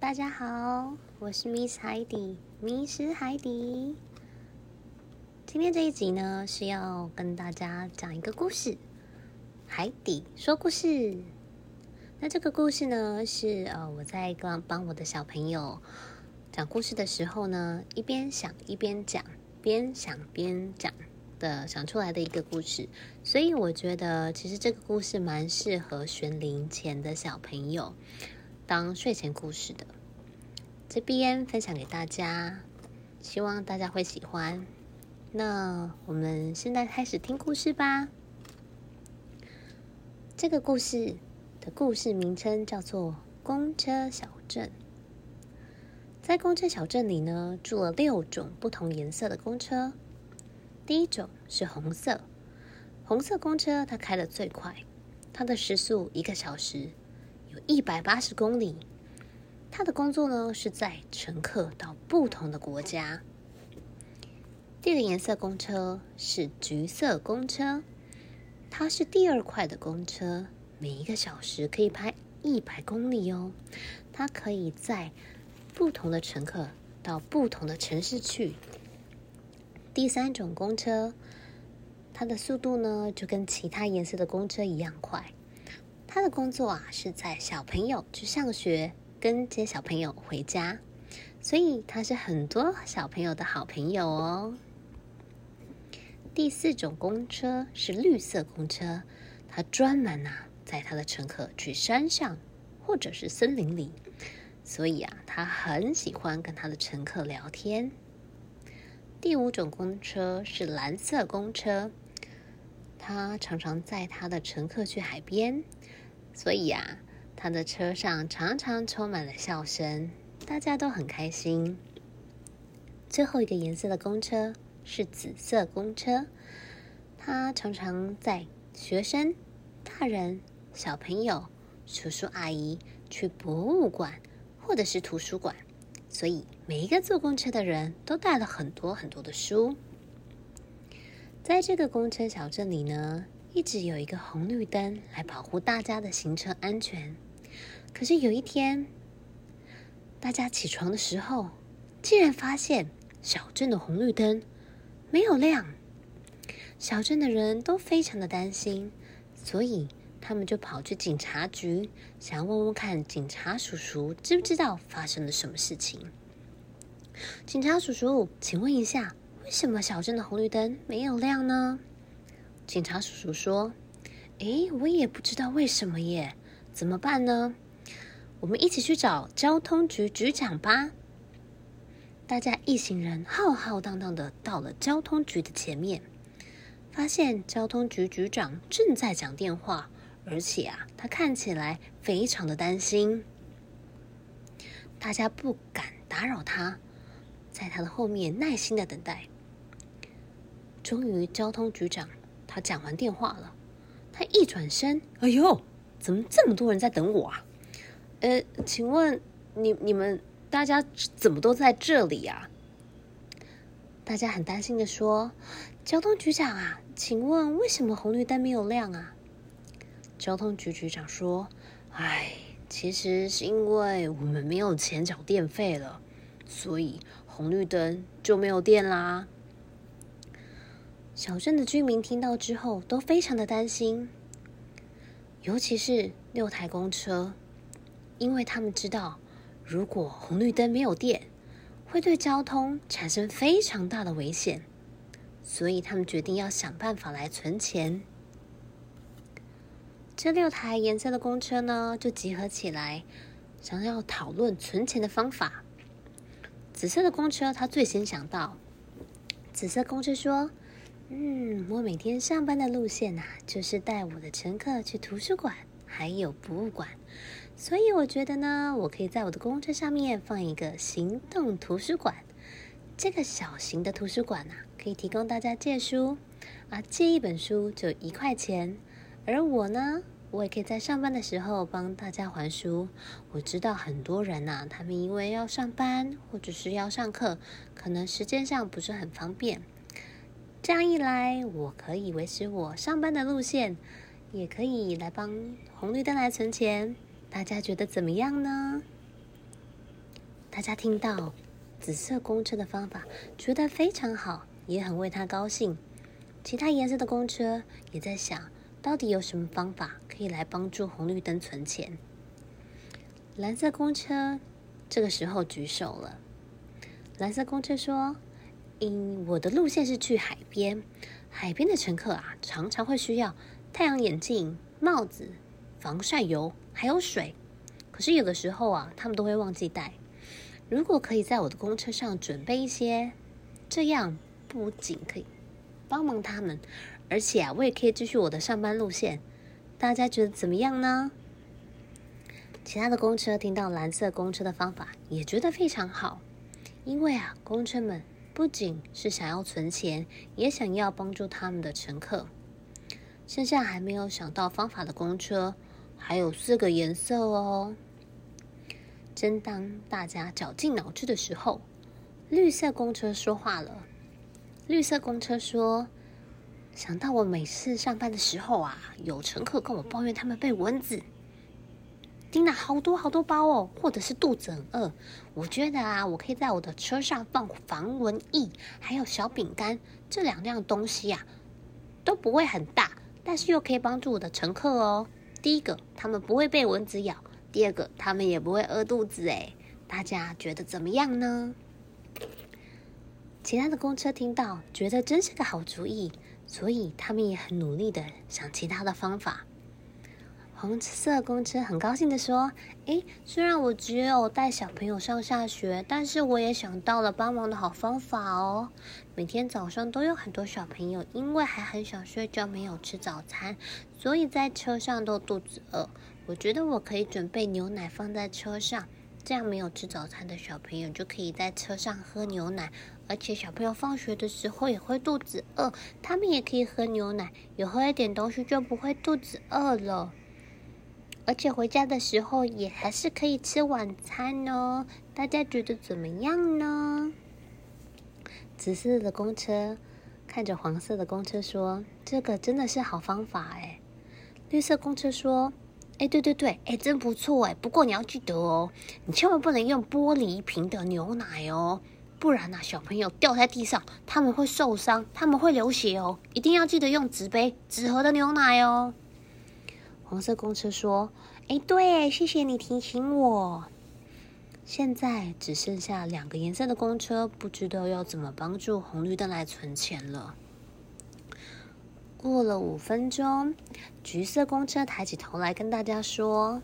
大家好，我是 Miss 海底，迷失海底。今天這一集呢，是要跟大家講一個故事，《海底說故事》。那這個故事呢，是呃我在剛剛幫我的小朋友講故事的時候呢，一邊想一邊講，邊想邊講的想出來的一個故事。所以我覺得，其實這個故事蠻適合學齡前的小朋友。當睡前故事的，這邊分享給大家，希望大家會喜歡。那我們現在開始聽故事吧。這個故事的故事名稱叫做《公車小鎮》。在公車小鎮裡呢，住了六種不同顏色的公車。第一種是紅色，紅色公車它開得最快，它的時速一個小時一百八十公里。它的工作呢，是載乘客到不同的國家。這個顏色公車是橘色公車，它是第二快的公車，每一個小時可以開一百公里哦。它可以載不同的乘客到不同的城市去。第三種公車，它的速度呢，就跟其他顏色的公車一樣快。他的工作啊，是載小朋友去上學跟接小朋友回家，所以他是很多小朋友的好朋友哦。第四種公車是綠色公車，他專門吶、啊、載他的乘客去山上或者是森林裡，所以啊，他很喜歡跟他的乘客聊天。第五種公車是藍色公車，他常常載他的乘客去海邊。所以啊，他的車上常常充滿了笑聲，大家都很開心。最後一個顏色的公車是紫色公車，他常常載學生、大人、小朋友、叔叔阿姨去博物館或者是圖書館，所以每一個坐公車的人都帶了很多很多的書。在這個公車小鎮裡呢，一直有一個紅綠燈來保護大家的行車安全。可是有一天，大家起床的時候，竟然發現小鎮的紅綠燈沒有亮。小鎮的人都非常的擔心，所以他們就跑去警察局，想要問問看警察叔叔知不知道發生了什麼事情。警察叔叔，請問一下，為什麼小鎮的紅綠燈沒有亮呢？警察叔叔說：“誒，我也不知道為什麼耶，怎麼辦呢？我們一起去找交通局局長吧。”大家一行人浩浩蕩蕩的到了交通局的前面，發現交通局局長正在講電話，而且啊，他看起來非常的擔心，大家不敢打擾他，在他的後面耐心的等待。終於，交通局長。他講完電話了，他一轉身，哎呦，怎麼這麼多人在等我啊？呃，請問你你們大家怎麼都在這裡呀？大家很擔心的說：“交通局長啊，請問為什麼紅綠燈沒有亮啊？”交通局局長說：“哎，其實是因為我們沒有錢繳電費了，所以紅綠燈就沒有電啦。”小鎮的居民聽到之後都非常的擔心，尤其是六台公車，因為他們知道如果紅綠燈沒有電，會對交通產生非常大的危險，所以他們決定要想辦法來存錢。這六台顏色的公車呢，就集合起來，想要討論存錢的方法。紫色的公車他最先想到，紫色公車說。嗯，我每天上班的路線吶、啊，就是帶我的乘客去圖書館，還有博物館。所以我覺得呢，我可以在我的公車上面放一個行動圖書館。這個小型的圖書館呢、啊，可以提供大家借書，啊，借一本書就一塊錢。而我呢，我也可以在上班的時候幫大家還書。我知道很多人呢、啊，他們因為要上班或者是要上課，可能時間上不是很方便。這樣一來，我可以維持我上班的路線，也可以來幫紅綠燈來存錢。大家覺得怎麼樣呢？大家聽到紫色公車的方法，覺得非常好，也很為他高興。其他顏色的公車也在想到底有什麼方法可以來幫助紅綠燈存錢。藍色公車這個時候舉手了。藍色公車說。嗯，我的路線是去海邊。海邊的乘客啊，常常會需要太陽眼鏡、帽子、防曬油，還有水。可是有的時候啊，他們都會忘記帶。如果可以在我的公車上準備一些，這樣不僅可以幫忙他們，而且啊，我也可以繼續我的上班路線。大家覺得怎麼樣呢？其他的公車聽到藍色公車的方法，也覺得非常好。因為啊，公車們。不僅是想要存錢，也想要幫助他們的乘客。剩下還沒有想到方法的公車，還有四個顏色哦。正當大家絞盡腦汁的時候，綠色公車說話了。綠色公車說：“想到我每次上班的時候啊，有乘客跟我抱怨他們被蚊子咬。”叮了好多好多包哦，或者是肚子很餓，我覺得啊，我可以在我的車上放防蚊液，還有小餅乾，這兩樣東西呀、啊、都不會很大，但是又可以幫助我的乘客哦。第一個，他們不會被蚊子咬；第二個，他們也不會餓肚子。哎，大家覺得怎麼樣呢？其他的公車聽到，覺得真是個好主意，所以他們也很努力的想其他的方法。紅色公車很高興地說：“誒，雖然我只有帶小朋友上下學，但是我也想到了幫忙的好方法哦。每天早上都有很多小朋友因為還很想睡覺，沒有吃早餐，所以在車上都肚子餓。我覺得我可以準備牛奶放在車上，這樣沒有吃早餐的小朋友就可以在車上喝牛奶。而且小朋友放學的時候也會肚子餓，他們也可以喝牛奶，有喝一點東西就不會肚子餓了。”而且回家的時候也還是可以吃晚餐哦，大家覺得怎麼樣呢？紫色的公車看着黃色的公車說：“這個真的是好方法誒。”綠色公車說：“誒，對對對，誒，真不錯誒，不過你要記得哦，你千萬不能用玻璃瓶的牛奶哦，不然吶，小朋友掉在地上，他們會受傷，他們會流血哦。一定要記得用紙杯、紙盒的牛奶哦。”紅色公車說：“哎，對，謝謝你提醒我。現在只剩下兩個顏色的公車，不知道要怎麼幫助紅綠燈來存錢了。”過了五分鐘，橘色公車抬起頭來跟大家說：“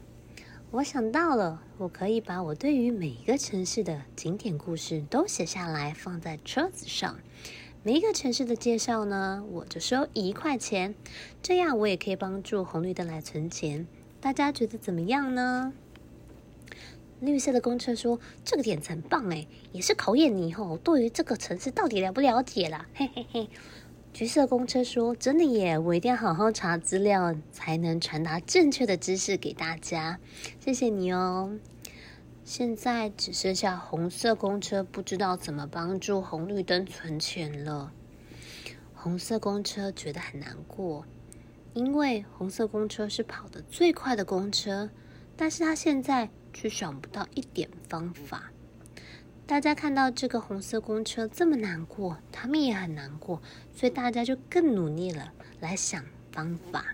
我想到了，我可以把我對於每一個城市的景點故事都寫下來，放在車子上。”每一個城市的介紹呢，我就收一塊錢，這樣我也可以幫助紅綠燈來存錢。大家覺得怎麼樣呢？綠色的公車說：“這個點子很棒誒，也是考驗你以後對於這個城市到底了不了解了。”嘿嘿嘿。橘色公車說：“真的耶，我一定要好好查資料，才能傳達正確的知識給大家。謝謝你哦。”現在只剩下紅色公車，不知道怎麼幫助紅綠燈存錢了。紅色公車覺得很難過，因為紅色公車是跑得最快的公車，但是他現在卻想不到一點方法。大家看到這個紅色公車這麼難過，他們也很難過，所以大家就更努力了，來想方法。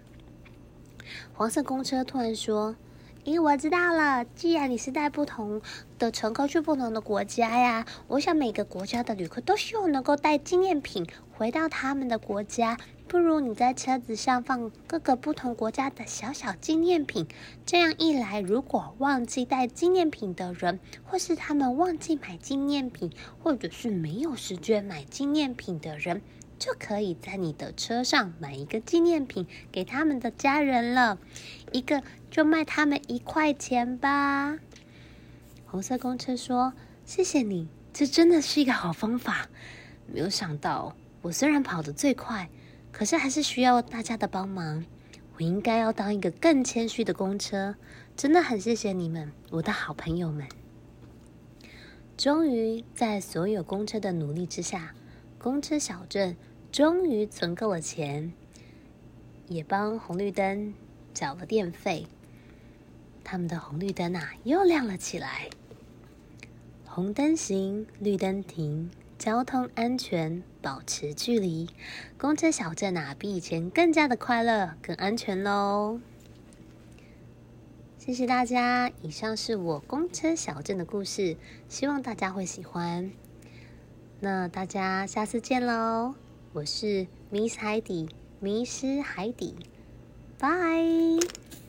黃色公車突然說。咦，我知道了。既然你是帶不同的乘客去不同的國家呀，我想每個國家的旅客都希望能夠帶紀念品回到他們的國家。不如你在車子上放各個不同國家的小小紀念品，這樣一來，如果忘記帶紀念品的人，或是他們忘記買紀念品，或者是沒有時間買紀念品的人，就可以在你的車上買一個紀念品給他們的家人了。一個。就賣他們一塊錢吧。紅色公車說：“謝謝你，這真的是一個好方法。沒有想到，我雖然跑得最快，可是還是需要大家的幫忙。我應該要當一個更謙虛的公車。真的很謝謝你們，我的好朋友們。”終於，在所有公車的努力之下，公車小鎮終於存夠了錢，也幫紅綠燈繳了電費。他們的紅綠燈啊，又亮了起來，紅燈行，綠燈停，交通安全，保持距離。公車小鎮啊，比以前更加的快樂，更安全嘍！謝謝大家，以上是我公車小鎮的故事，希望大家會喜歡。那大家下次見嘍！我是 Miss Heidi，迷失海底，迷失海底，拜。